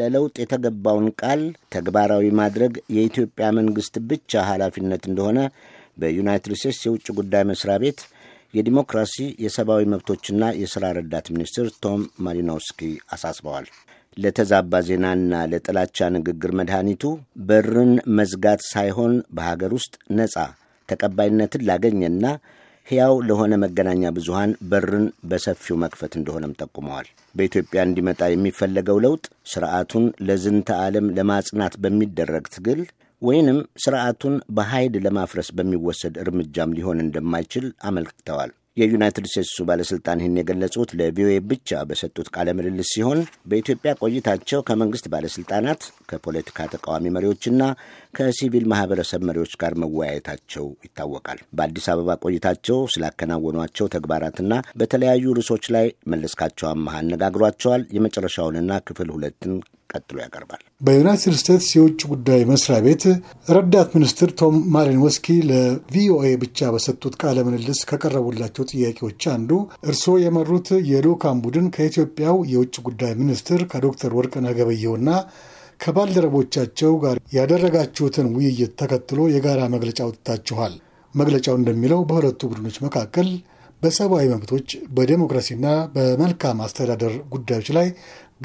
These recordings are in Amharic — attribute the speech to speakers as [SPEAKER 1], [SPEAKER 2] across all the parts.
[SPEAKER 1] ለለውጥ የተገባውን ቃል ተግባራዊ ማድረግ የኢትዮጵያ መንግሥት ብቻ ኃላፊነት እንደሆነ በዩናይትድ ስቴትስ የውጭ ጉዳይ መስሪያ ቤት የዲሞክራሲ የሰብአዊ መብቶችና የሥራ ረዳት ሚኒስትር ቶም ማሊኖውስኪ አሳስበዋል። ለተዛባ ዜናና ለጥላቻ ንግግር መድኃኒቱ በርን መዝጋት ሳይሆን በሀገር ውስጥ ነጻ ተቀባይነትን ላገኘና ሕያው ለሆነ መገናኛ ብዙሃን በርን በሰፊው መክፈት እንደሆነም ጠቁመዋል። በኢትዮጵያ እንዲመጣ የሚፈለገው ለውጥ ስርዓቱን ለዝንተ ዓለም ለማጽናት በሚደረግ ትግል ወይንም ስርዓቱን በኃይል ለማፍረስ በሚወሰድ እርምጃም ሊሆን እንደማይችል አመልክተዋል። የዩናይትድ ስቴትሱ ባለሥልጣን ይህን የገለጹት ለቪኦኤ ብቻ በሰጡት ቃለ ምልልስ ሲሆን በኢትዮጵያ ቆይታቸው ከመንግሥት ባለሥልጣናት፣ ከፖለቲካ ተቃዋሚ መሪዎችና ከሲቪል ማህበረሰብ መሪዎች ጋር መወያየታቸው ይታወቃል። በአዲስ አበባ ቆይታቸው ስላከናወኗቸው ተግባራትና በተለያዩ ርዕሶች ላይ መለስካቸው አመሃ አነጋግሯቸዋል። የመጨረሻውንና ክፍል ሁለትን ቀጥሎ ያቀርባል።
[SPEAKER 2] በዩናይትድ ስቴትስ የውጭ ጉዳይ መስሪያ ቤት ረዳት ሚኒስትር ቶም ማሊኖስኪ ለቪኦኤ ብቻ በሰጡት ቃለ ምልልስ ከቀረቡላቸው ጥያቄዎች አንዱ እርስዎ የመሩት የልዑካን ቡድን ከኢትዮጵያው የውጭ ጉዳይ ሚኒስትር ከዶክተር ወርቅነህ ገበየሁና ከባልደረቦቻቸው ጋር ያደረጋችሁትን ውይይት ተከትሎ የጋራ መግለጫ ወጥታችኋል። መግለጫው እንደሚለው በሁለቱ ቡድኖች መካከል በሰብአዊ መብቶች፣ በዴሞክራሲና በመልካም አስተዳደር ጉዳዮች ላይ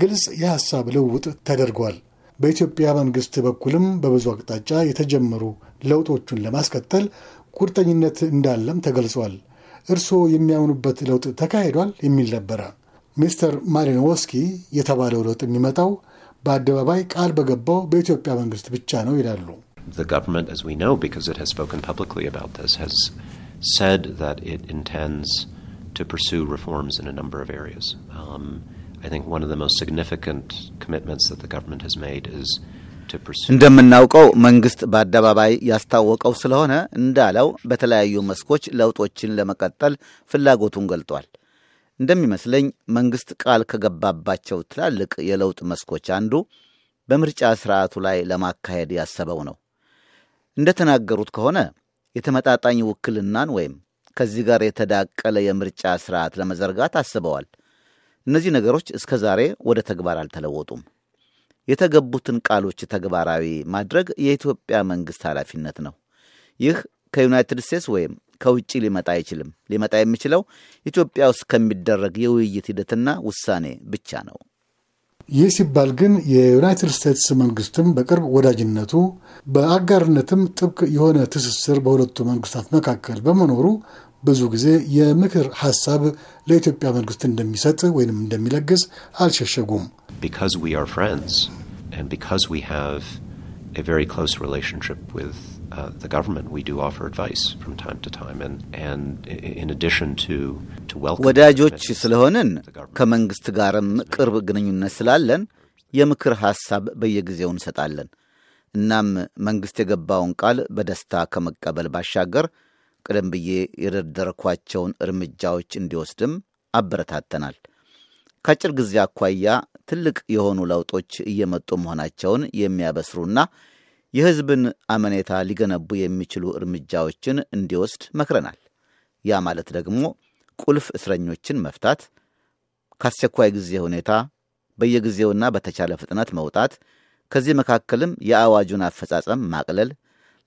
[SPEAKER 2] ግልጽ የሐሳብ ልውውጥ ተደርጓል። በኢትዮጵያ መንግሥት በኩልም በብዙ አቅጣጫ የተጀመሩ ለውጦቹን ለማስከተል ቁርጠኝነት እንዳለም ተገልጿል። እርስዎ የሚያምኑበት ለውጥ ተካሂዷል የሚል ነበረ። ሚስተር ማሊኖወስኪ የተባለው ለውጥ የሚመጣው በአደባባይ ቃል በገባው በኢትዮጵያ መንግስት ብቻ ነው ይላሉ።
[SPEAKER 3] um,
[SPEAKER 4] እንደምናውቀው መንግስት በአደባባይ ያስታወቀው ስለሆነ እንዳለው በተለያዩ መስኮች ለውጦችን ለመቀጠል ፍላጎቱን ገልጧል። እንደሚመስለኝ መንግሥት ቃል ከገባባቸው ትላልቅ የለውጥ መስኮች አንዱ በምርጫ ሥርዓቱ ላይ ለማካሄድ ያሰበው ነው። እንደተናገሩት ከሆነ የተመጣጣኝ ውክልናን ወይም ከዚህ ጋር የተዳቀለ የምርጫ ሥርዓት ለመዘርጋት አስበዋል። እነዚህ ነገሮች እስከ ዛሬ ወደ ተግባር አልተለወጡም። የተገቡትን ቃሎች ተግባራዊ ማድረግ የኢትዮጵያ መንግሥት ኃላፊነት ነው። ይህ ከዩናይትድ ስቴትስ ወይም ከውጭ ሊመጣ አይችልም። ሊመጣ የሚችለው ኢትዮጵያ ውስጥ ከሚደረግ የውይይት ሂደትና ውሳኔ ብቻ ነው።
[SPEAKER 2] ይህ ሲባል ግን የዩናይትድ ስቴትስ መንግስትም በቅርብ ወዳጅነቱ በአጋርነትም ጥብቅ የሆነ ትስስር በሁለቱ መንግስታት መካከል በመኖሩ ብዙ ጊዜ የምክር ሀሳብ ለኢትዮጵያ መንግስት እንደሚሰጥ ወይንም እንደሚለግስ አልሸሸጉም።
[SPEAKER 3] ቢካዝ ዊ አር ፍሬንድስ Uh, the government, we do offer advice from time to time, and, and in addition to, to
[SPEAKER 4] welcome. ወዳጆች ስለሆንን ከመንግስት ጋርም ቅርብ ግንኙነት ስላለን የምክር ሐሳብ በየጊዜው እንሰጣለን። እናም መንግስት የገባውን ቃል በደስታ ከመቀበል ባሻገር ቅደም ብዬ የደረደርኳቸውን እርምጃዎች እንዲወስድም አበረታተናል። ከአጭር ጊዜ አኳያ ትልቅ የሆኑ ለውጦች እየመጡ መሆናቸውን የሚያበስሩና የሕዝብን አመኔታ ሊገነቡ የሚችሉ እርምጃዎችን እንዲወስድ መክረናል። ያ ማለት ደግሞ ቁልፍ እስረኞችን መፍታት፣ ከአስቸኳይ ጊዜ ሁኔታ በየጊዜውና በተቻለ ፍጥነት መውጣት፣ ከዚህ መካከልም የአዋጁን አፈጻጸም ማቅለል፣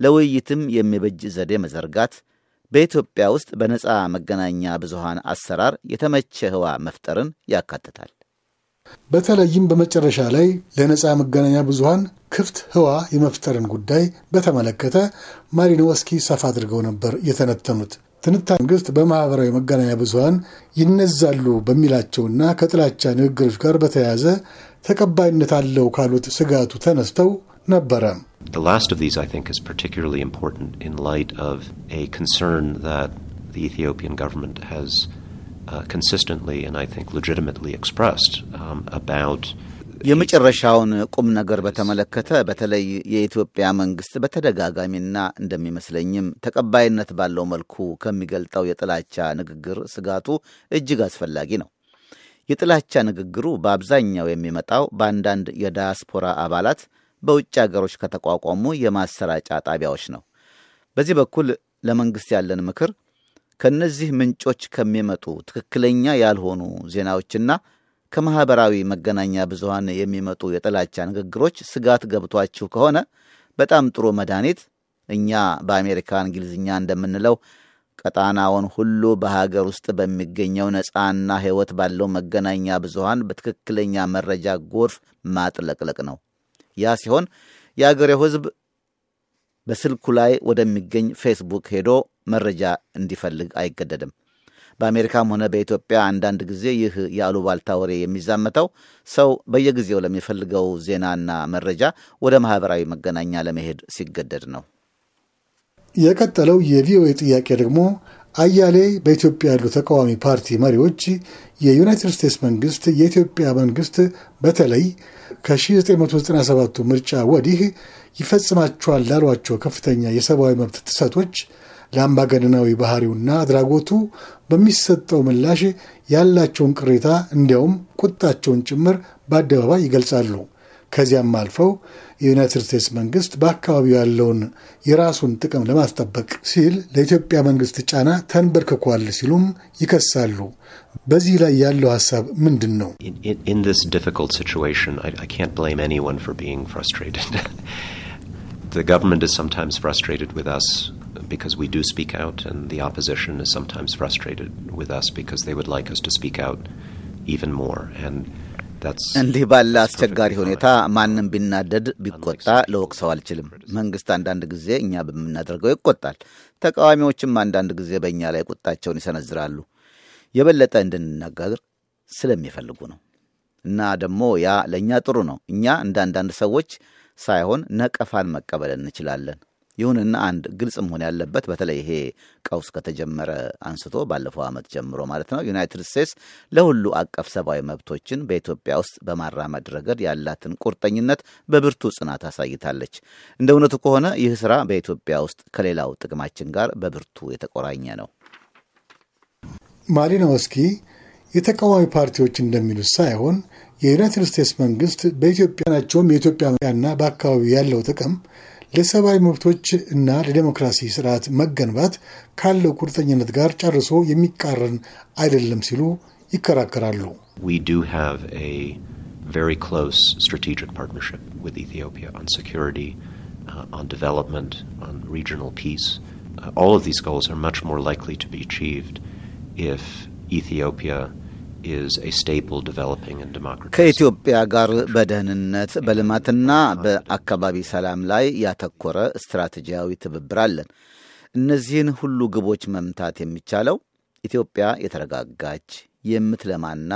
[SPEAKER 4] ለውይይትም የሚበጅ ዘዴ መዘርጋት፣ በኢትዮጵያ ውስጥ በነፃ መገናኛ ብዙሃን አሰራር የተመቸ ህዋ መፍጠርን ያካትታል።
[SPEAKER 2] በተለይም በመጨረሻ ላይ ለነፃ መገናኛ ብዙሃን ክፍት ህዋ የመፍጠርን ጉዳይ በተመለከተ ማሪኖወስኪ ሰፋ አድርገው ነበር የተነተኑት። ትንታ መንግስት በማህበራዊ መገናኛ ብዙኃን ይነዛሉ በሚላቸውና ከጥላቻ ንግግሮች ጋር በተያያዘ ተቀባይነት አለው ካሉት ስጋቱ ተነስተው ነበረ።
[SPEAKER 3] the Ethiopian government has Uh, consistently um,
[SPEAKER 4] የመጨረሻውን ቁም ነገር በተመለከተ በተለይ የኢትዮጵያ መንግስት በተደጋጋሚና እንደሚመስለኝም ተቀባይነት ባለው መልኩ ከሚገልጠው የጥላቻ ንግግር ስጋቱ እጅግ አስፈላጊ ነው። የጥላቻ ንግግሩ በአብዛኛው የሚመጣው በአንዳንድ የዳያስፖራ አባላት በውጭ አገሮች ከተቋቋሙ የማሰራጫ ጣቢያዎች ነው። በዚህ በኩል ለመንግስት ያለን ምክር ከእነዚህ ምንጮች ከሚመጡ ትክክለኛ ያልሆኑ ዜናዎችና ከማኅበራዊ መገናኛ ብዙሃን የሚመጡ የጥላቻ ንግግሮች ስጋት ገብቷችሁ ከሆነ በጣም ጥሩ መድኃኒት እኛ በአሜሪካ እንግሊዝኛ እንደምንለው ቀጣናውን ሁሉ በሀገር ውስጥ በሚገኘው ነፃና ሕይወት ባለው መገናኛ ብዙሃን በትክክለኛ መረጃ ጎርፍ ማጥለቅለቅ ነው። ያ ሲሆን የአገሬው ሕዝብ በስልኩ ላይ ወደሚገኝ ፌስቡክ ሄዶ መረጃ እንዲፈልግ አይገደድም። በአሜሪካም ሆነ በኢትዮጵያ አንዳንድ ጊዜ ይህ የአሉባልታ ወሬ የሚዛመተው ሰው በየጊዜው ለሚፈልገው ዜናና መረጃ ወደ ማህበራዊ መገናኛ ለመሄድ ሲገደድ ነው።
[SPEAKER 2] የቀጠለው የቪኦኤ ጥያቄ ደግሞ አያሌ በኢትዮጵያ ያሉ ተቃዋሚ ፓርቲ መሪዎች የዩናይትድ ስቴትስ መንግስት የኢትዮጵያ መንግስት በተለይ ከ1997ቱ ምርጫ ወዲህ ይፈጽማቸዋል ላሏቸው ከፍተኛ የሰብአዊ መብት ጥሰቶች ለአምባገነናዊ ባህሪውና አድራጎቱ በሚሰጠው ምላሽ ያላቸውን ቅሬታ እንዲያውም ቁጣቸውን ጭምር በአደባባይ ይገልጻሉ። ከዚያም አልፈው የዩናይትድ ስቴትስ መንግስት በአካባቢው ያለውን የራሱን ጥቅም ለማስጠበቅ ሲል ለኢትዮጵያ መንግስት ጫና ተንበርክኳል ሲሉም ይከሳሉ። በዚህ ላይ ያለው ሀሳብ ምንድን ነው?
[SPEAKER 3] The government is sometimes frustrated with us because we do speak out, and the opposition is sometimes frustrated with us because they
[SPEAKER 4] would like us to speak out even more. And እንዲህ ባለ አስቸጋሪ ሁኔታ ማንም ቢናደድ ቢቆጣ ለወቅሰው አልችልም። መንግስት አንዳንድ ጊዜ እኛ በምናደርገው ይቆጣል። ተቃዋሚዎችም አንዳንድ ጊዜ በእኛ ላይ ቁጣቸውን ይሰነዝራሉ። የበለጠ እንድንነጋገር ስለሚፈልጉ ነው። እና ደግሞ ያ ለእኛ ጥሩ ነው። እኛ እንደ አንዳንድ ሰዎች ሳይሆን ነቀፋን መቀበል እንችላለን። ይሁንና አንድ ግልጽ መሆን ያለበት በተለይ ይሄ ቀውስ ከተጀመረ አንስቶ ባለፈው ዓመት ጀምሮ ማለት ነው ዩናይትድ ስቴትስ ለሁሉ አቀፍ ሰብአዊ መብቶችን በኢትዮጵያ ውስጥ በማራመድ ረገድ ያላትን ቁርጠኝነት በብርቱ ጽናት አሳይታለች። እንደ እውነቱ ከሆነ ይህ ስራ በኢትዮጵያ ውስጥ ከሌላው ጥቅማችን ጋር በብርቱ የተቆራኘ ነው።
[SPEAKER 2] ማሊኖውስኪ የተቃዋሚ ፓርቲዎች እንደሚሉት ሳይሆን የዩናይትድ ስቴትስ መንግስት በኢትዮጵያ ናቸውም የኢትዮጵያውያንና በአካባቢው ያለው ጥቅም ለሰብአዊ መብቶች እና ለዴሞክራሲ ስርዓት መገንባት ካለው ቁርጠኝነት ጋር ጨርሶ የሚቃረን አይደለም ሲሉ ይከራከራሉ።
[SPEAKER 3] ኢትዮጵያ
[SPEAKER 4] ከኢትዮጵያ ጋር በደህንነት በልማትና በአካባቢ ሰላም ላይ ያተኮረ ስትራቴጂያዊ ትብብር አለን። እነዚህን ሁሉ ግቦች መምታት የሚቻለው ኢትዮጵያ የተረጋጋች የምትለማና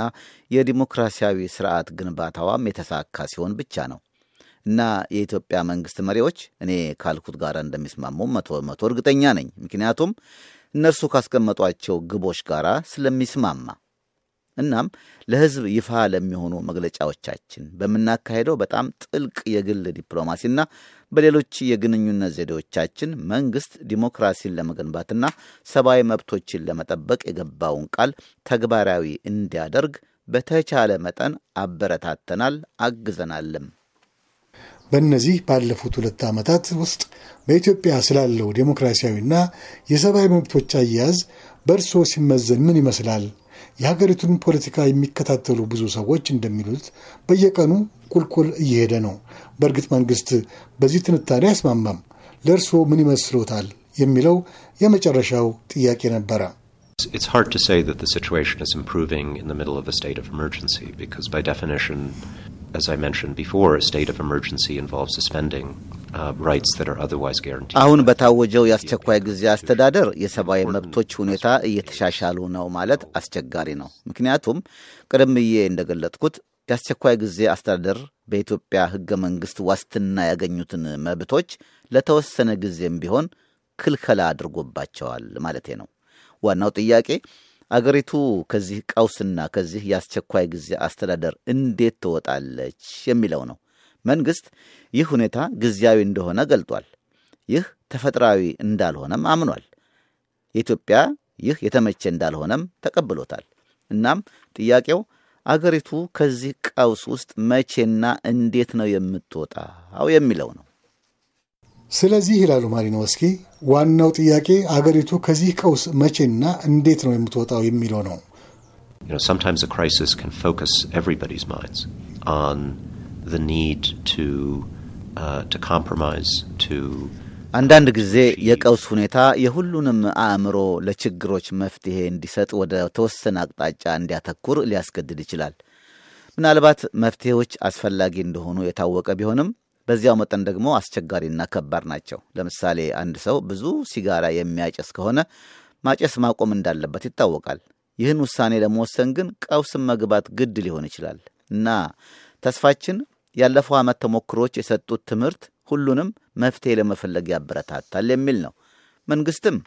[SPEAKER 4] የዲሞክራሲያዊ ስርዓት ግንባታዋም የተሳካ ሲሆን ብቻ ነው እና የኢትዮጵያ መንግስት መሪዎች እኔ ካልኩት ጋር እንደሚስማሙ መቶ መቶ እርግጠኛ ነኝ። ምክንያቱም እነርሱ ካስቀመጧቸው ግቦች ጋር ስለሚስማማ እናም ለሕዝብ ይፋ ለሚሆኑ መግለጫዎቻችን በምናካሄደው በጣም ጥልቅ የግል ዲፕሎማሲና በሌሎች የግንኙነት ዘዴዎቻችን መንግስት ዲሞክራሲን ለመገንባትና ሰብአዊ መብቶችን ለመጠበቅ የገባውን ቃል ተግባራዊ እንዲያደርግ በተቻለ መጠን አበረታተናል፣ አግዘናልም።
[SPEAKER 2] በእነዚህ ባለፉት ሁለት ዓመታት ውስጥ በኢትዮጵያ ስላለው ዴሞክራሲያዊና የሰብአዊ መብቶች አያያዝ በእርስዎ ሲመዘን ምን ይመስላል? የሀገሪቱን ፖለቲካ የሚከታተሉ ብዙ ሰዎች እንደሚሉት በየቀኑ ቁልቁል እየሄደ ነው። በእርግጥ መንግስት በዚህ ትንታኔ አስማማም ለእርስዎ ምን ይመስሎታል? የሚለው የመጨረሻው ጥያቄ ነበረ።
[SPEAKER 3] It's hard to say that the situation is improving in the middle of a state of emergency because, by definition, as I mentioned before, a state of emergency involves suspending uh,
[SPEAKER 4] አሁን በታወጀው የአስቸኳይ ጊዜ አስተዳደር የሰብአዊ መብቶች ሁኔታ እየተሻሻሉ ነው ማለት አስቸጋሪ ነው። ምክንያቱም ቀደም እንደገለጥኩት የአስቸኳይ ጊዜ አስተዳደር በኢትዮጵያ ሕገ መንግሥት ዋስትና ያገኙትን መብቶች ለተወሰነ ጊዜም ቢሆን ክልከላ አድርጎባቸዋል ማለቴ ነው። ዋናው ጥያቄ አገሪቱ ከዚህ ቀውስና ከዚህ የአስቸኳይ ጊዜ አስተዳደር እንዴት ትወጣለች የሚለው ነው። መንግሥት ይህ ሁኔታ ጊዜያዊ እንደሆነ ገልጧል። ይህ ተፈጥሯዊ እንዳልሆነም አምኗል። የኢትዮጵያ ይህ የተመቼ እንዳልሆነም ተቀብሎታል። እናም ጥያቄው አገሪቱ ከዚህ ቀውስ ውስጥ መቼና እንዴት ነው የምትወጣው የሚለው ነው።
[SPEAKER 2] ስለዚህ ይላሉ ማሊኖውስኪ፣ ዋናው ጥያቄ አገሪቱ ከዚህ ቀውስ መቼና እንዴት ነው የምትወጣው የሚለው ነው።
[SPEAKER 3] uh,
[SPEAKER 4] አንዳንድ ጊዜ የቀውስ ሁኔታ የሁሉንም አእምሮ ለችግሮች መፍትሄ እንዲሰጥ ወደ ተወሰነ አቅጣጫ እንዲያተኩር ሊያስገድድ ይችላል። ምናልባት መፍትሄዎች አስፈላጊ እንደሆኑ የታወቀ ቢሆንም በዚያው መጠን ደግሞ አስቸጋሪና ከባድ ናቸው። ለምሳሌ አንድ ሰው ብዙ ሲጋራ የሚያጨስ ከሆነ ማጨስ ማቆም እንዳለበት ይታወቃል። ይህን ውሳኔ ለመወሰን ግን ቀውስ መግባት ግድ ሊሆን ይችላል እና ተስፋችን ያለፈው ዓመት ተሞክሮች የሰጡት ትምህርት ሁሉንም መፍትሄ ለመፈለግ ያበረታታል የሚል ነው። መንግስትም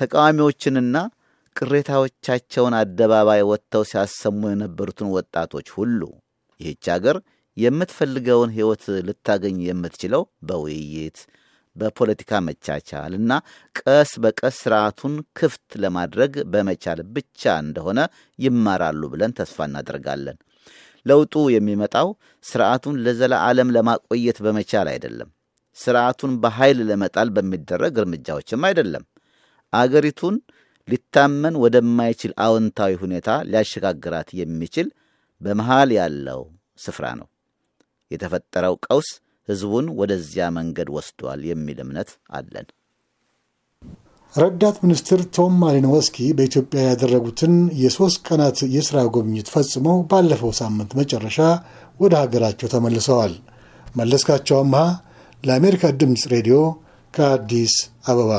[SPEAKER 4] ተቃዋሚዎችንና ቅሬታዎቻቸውን አደባባይ ወጥተው ሲያሰሙ የነበሩትን ወጣቶች ሁሉ ይህች አገር የምትፈልገውን ሕይወት ልታገኝ የምትችለው በውይይት በፖለቲካ መቻቻል እና ቀስ በቀስ ስርዓቱን ክፍት ለማድረግ በመቻል ብቻ እንደሆነ ይማራሉ ብለን ተስፋ እናደርጋለን። ለውጡ የሚመጣው ስርዓቱን ለዘላለም ለማቆየት በመቻል አይደለም። ስርዓቱን በኃይል ለመጣል በሚደረግ እርምጃዎችም አይደለም። አገሪቱን ሊታመን ወደማይችል አዎንታዊ ሁኔታ ሊያሸጋግራት የሚችል በመሃል ያለው ስፍራ ነው። የተፈጠረው ቀውስ ህዝቡን ወደዚያ መንገድ ወስዷል የሚል እምነት አለን።
[SPEAKER 2] ረዳት ሚኒስትር ቶም ማሊኖወስኪ በኢትዮጵያ ያደረጉትን የሦስት ቀናት የሥራ ጉብኝት ፈጽመው ባለፈው ሳምንት መጨረሻ ወደ ሀገራቸው ተመልሰዋል። መለስካቸው አምሃ ለአሜሪካ ድምፅ ሬዲዮ ከአዲስ አበባ